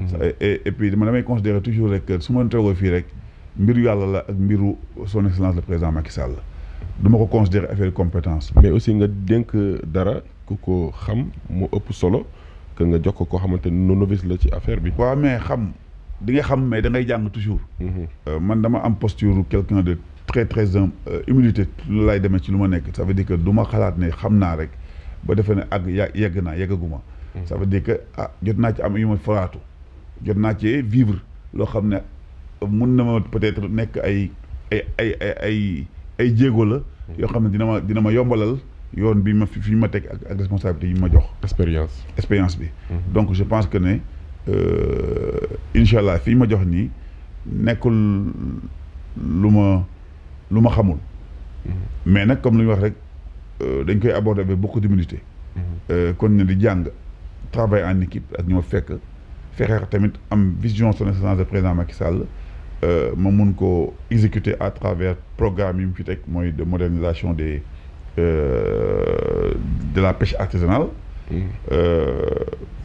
Mm-hmm. et et puis dama damay considérer toujours rek su ma toogoo fii rek mbiru yàlla la ak mbiru son excellence le président Macky Sall du ma ko considérer affaire compétence. mais aussi nga dénk dara ku ko xam mu ëpp solo que nga jox ko koo xamante ni novice la ci affaire bi. waaw mais xam di nga xam mais da ngay jàng toujours. Mm-hmm. Euh, man dama am posture quelqu'un de très très euh, humilité lu lay demee ci lu ma nekk ça veut que du ma xalaat ne xam naa rek ba defee ne ak yegg naa yeggaguma. Mm-hmm. ça veut dire ah jot naa ci am yu ma faraatu. jot naa cee vivre loo xam ne mun na ma peut-être nekk ay ay ay ay ay ay jéego la. yoo xam ne dina ma dina ma yombalal yoon bi ma fi fi ma teg ak ak responsabilité yi ma jox. expérience expérience bi. Mhm. donc je pense que ne euh, incha allah fii ma jox nii nekkul lu ma lu ma xamul. Mhm. mais nag comme lu ñu wax rek euh, dañ koy aborder avec beaucoup d'humilité. Mhm. Euh, kon ne di jàng travail en équipe ak ñoo fekk. fexe tamit am vision son excellence de président Macky Sall euh, ma mun ko exécuter à travers programme yi fi teg mooy de modernisation des euh, de la pêche artisanale euh,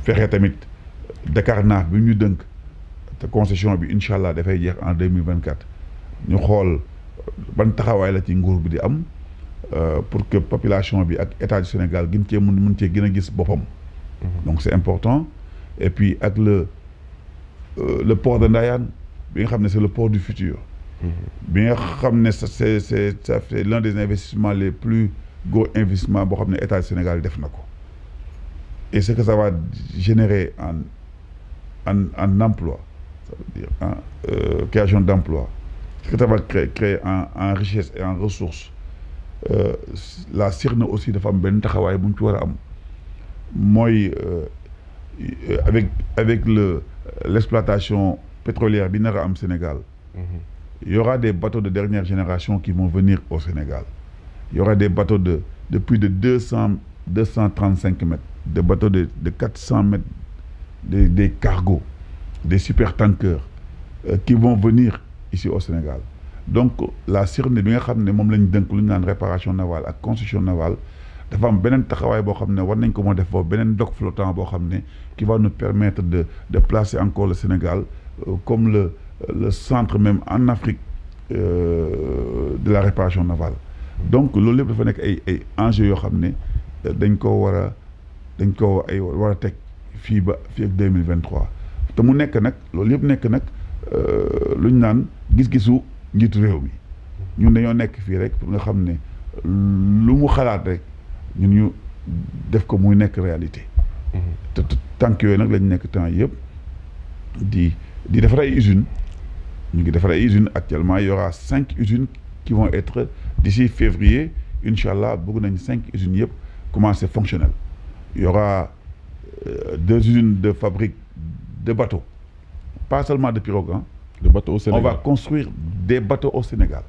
fexe tamit Dakarnave bi ñu dënk te concession bi incha allah dafay jeex en deux mille vingt quatre ñu xool ban taxawaay la ci nguur bi di am pour que population bi ak état du Sénégal gën cee mun mun cee gën a gis boppam mm-hmm. donc c'est important et puis ak le euh, le port de Ndayane bi nga xam ne c'est le port du futur mm-hmm. bi nga xam ne c'est c'est ça fait l'un des investissements les plus gros investissements boo xam ne état du Sénégal def na ko et ce que ça va générer en en en emploi ça veut dire en euh, création que ça va créer en en richesse et en ressources euh, la Sirna aussi dafa am benn taxawaay bu ñu ci war a am mooy euh, Euh, avec avec le l'exploitation pétrolière bi nar am Sénégal. il mhm. y aura des bateaux de dernière génération qui vont venir au Sénégal. il y aura des bateaux de de plus de deux cent deux cent trente cinq mètres. des bateaux de de quatre cent mètres. des des cargos des supertankers euh, qui vont venir ici au Sénégal donc la sirne bi nga xam ne moom la ñu dënk lu ñu naan réparation navale ak construction navale. dafa am beneen taxawaay boo xam ne war nañ ko moo def foofu beneen doc flottant boo xam ne ki va nous permettre de de placer encore le Sénégal euh, comme le le centre même en Afrique euh, de la réparation navale donc loolu lépp dafa nekk ay ay enjeux yoo xam ne euh, dañ ko war a dañ ko ay war a teg fii ba fii ak deux mille vingt trois te mu nekk nag loolu yëpp nekk nag lu ñu naan gis-gisu njiitu réew mi ñun dañoo nekk fii rek nga xam ne lu mu xalaat rek ñun ñu def ko muy nekk réalité. Mhm. te tànk yooyu nag lañ nekk temps yëpp di di defar ay usines ñu ngi defar usine actuellement il y aura cinq usines qui vont être d'ici février incha allah bëgg nañ cinq usines yëpp commencer fonctionnel il y euh, deux usines de fabrique de bateaux pas seulement de pirogues hein. de bateaux au Sénégal on va construire des bateaux au Sénégal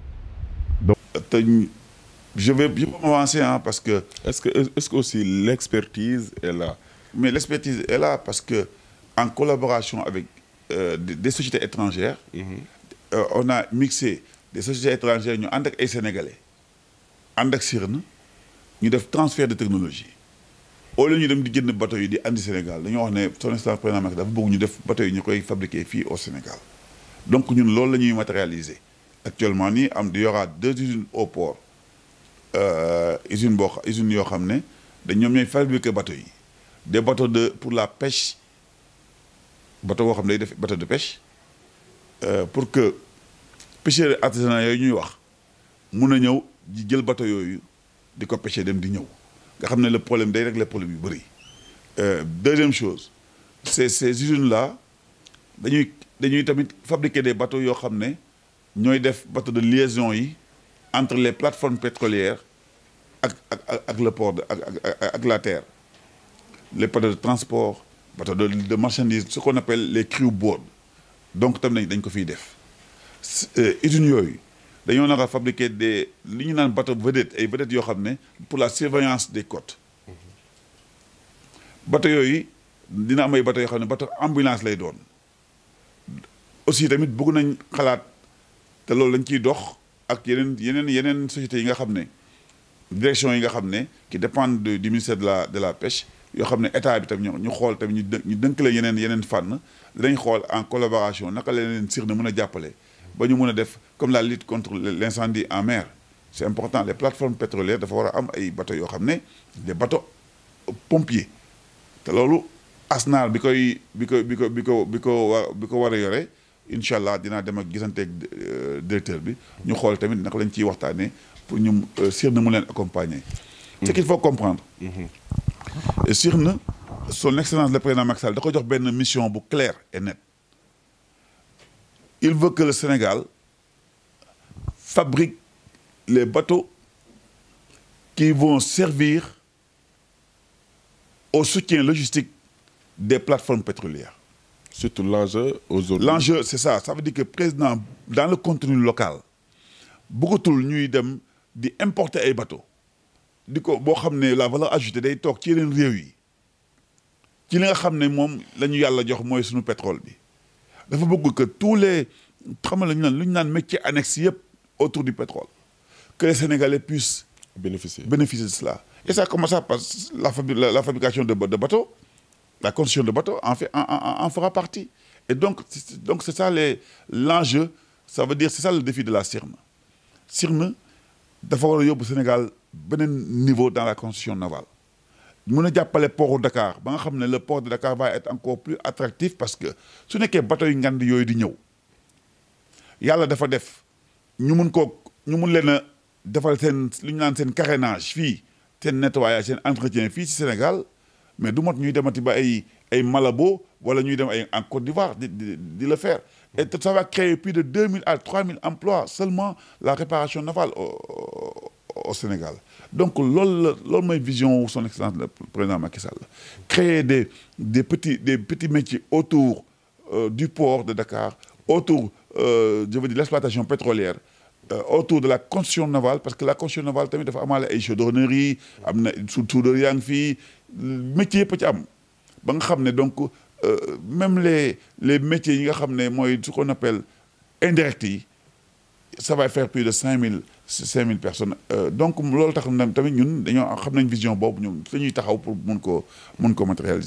je vais je peux m'avancer parce que. est-ce que est-ce que aussi l'expertise est là. mais l'expertise est là parce que en collaboration avec euh, des, des sociétés étrangères. Mm -hmm. euh, on a mixé des sociétés étrangères ñu ànd ak ay sénégalais ànd ak Sirna ñu def transfert de technologie au lieu ñu dem di jënd bateau yi di andi Sénégal dañoo wax ne son excellence président Macky dafa bëgg ñu def bateau yi ñu koy fabriquer fii au Sénégal donc ñun loolu la ñuy matérialiser actuellement nii am di yora aura deux usines au Euh, usine boo usine yoo xam ne dañ ñoom ñooy fabriquer bateau yi des bateaux de pour la pêche bateau boo xam ne day def bateau de pêche euh, pour que pêcheurs artisanaux yooyu ñuy wax mun a ñëw di jël bateau yooyu di ko pêcher dem di ñëw nga xam ne le problème day le problème yu bëri euh, deuxième chose c'est ces usines là dañuy dañuy tamit fabriquer des bateaux yoo xam ne ñooy def bateau de liaison yi entre les plateformes pétrolières ak ak ak le port ak ak ak la terre les bateaux de transport bateaux de de marchandises ce qu'on appelle les crew-boats donc tam nañ dañ ko fiy def euh, usines yooyu dañoo nar a fabriquer des li ñu naan bateaux vedettes ay vedettes yoo xam ne pour la surveillance des côtes mm-hmm. bateaux yooyu dina am ay bateaux yoo xam ne bateau ambulance lay doon aussi tamit bëgg nañ xalaat te loolu lañ ciy dox. ak yeneen yeneen yeneen sociétés yi nga xam ne direction yi nga xam ne qui dépendent du ministère de la de la pêche yoo xam ne état bi tam ñu xool tam ñu ñu dënkale yeneen yeneen fànn dinañ xool en collaboration naka la leen sir na mën a jàppale ba ñu mën a def comme la lutte contre l'incendie en mer c'est important les plateformes pétrolières dafa war a am ay bateaux yoo xam ne des bateaux pompiers te loolu asnaar bi koy bi ko bi ko bi ko bi bi ko war a yore incha allah dinaa dem ak gisanteeg euh, directeur bi ñu xool tamit naka lañ ciy waxtaanee pour ñu euh, Sirna mu leen accompagner. ce qu'il faut comprendre. Mm-hmm. Sirna son excellence le président Macky Sall da ko jox benn mission bu claire et nette il veut que le Sénégal fabrique les bateaux qui vont servir au soutien logistique des plateformes pétrolières. Surtout l'enjeu aujourd'hui. L'enjeu, c'est ça. Ça veut dire que président, dans le contenu local, beaucoup de ñuy dem di importer ay bateaux. di ko boo xam ne la valeur ajoutée day toog ci yeneen réew yi ci li nga xam ne moom la ñu yàlla jox mooy suñu pétrole bi dafa bëgg que tous les xam la ñu naan lu ñu naan métier annexe yëpp autour du pétrole que les Sénégalais puissent bénéficier bénéficier de cela et ça commence par la fabrication de de bateaux la construction de bateaux en, fait, en, en, en fera partie. Et donc, c'est donc ça l'enjeu, ça veut dire, c'est ça le défi de la CIRM. CIRM, dafa war a yóbbu Sénégal beneen niveau dans la construction navale. mën a jàppale port Dakar ba nga xam ne le port de Dakar va être encore plus attractif parce que su nekkee bateau yu ngand yooyu di ñëw yàlla dafa def ñu mun ko ñu mun leen a defal seen lu ñu naan seen carénage fii seen nettoyage seen entretien fii si Sénégal mais du mot ñuy demati ba ay ay Malabo wala ñuy dem ay en Côte d'Ivoire di di di le faire. et ça va créer plus de deux mille à trois mille emplois seulement la réparation navale au, Sénégal donc loolu la loolu mooy vision wu son excellence le président Macky Sall créer des des petits des petits métiers autour euh, du port de Dakar autour euh, je veux dire l'exploitation pétrolière euh, autour de la construction navale parce que la construction navale tamit dafa amaale ay chaudronnerie am na soudeur yaa ngi fii métier yëpp ci am ba nga xam ne donc euh, même les les métier yi nga xam ne mooy ce qu'on appelle indirect yi ça va faire plus de cinq mille cinq mille personnes euh, donc loolu tax na tamit ñun dañoo xam nañ vision boobu ñun dañuy taxaw pour mun ko mun ko matérialiser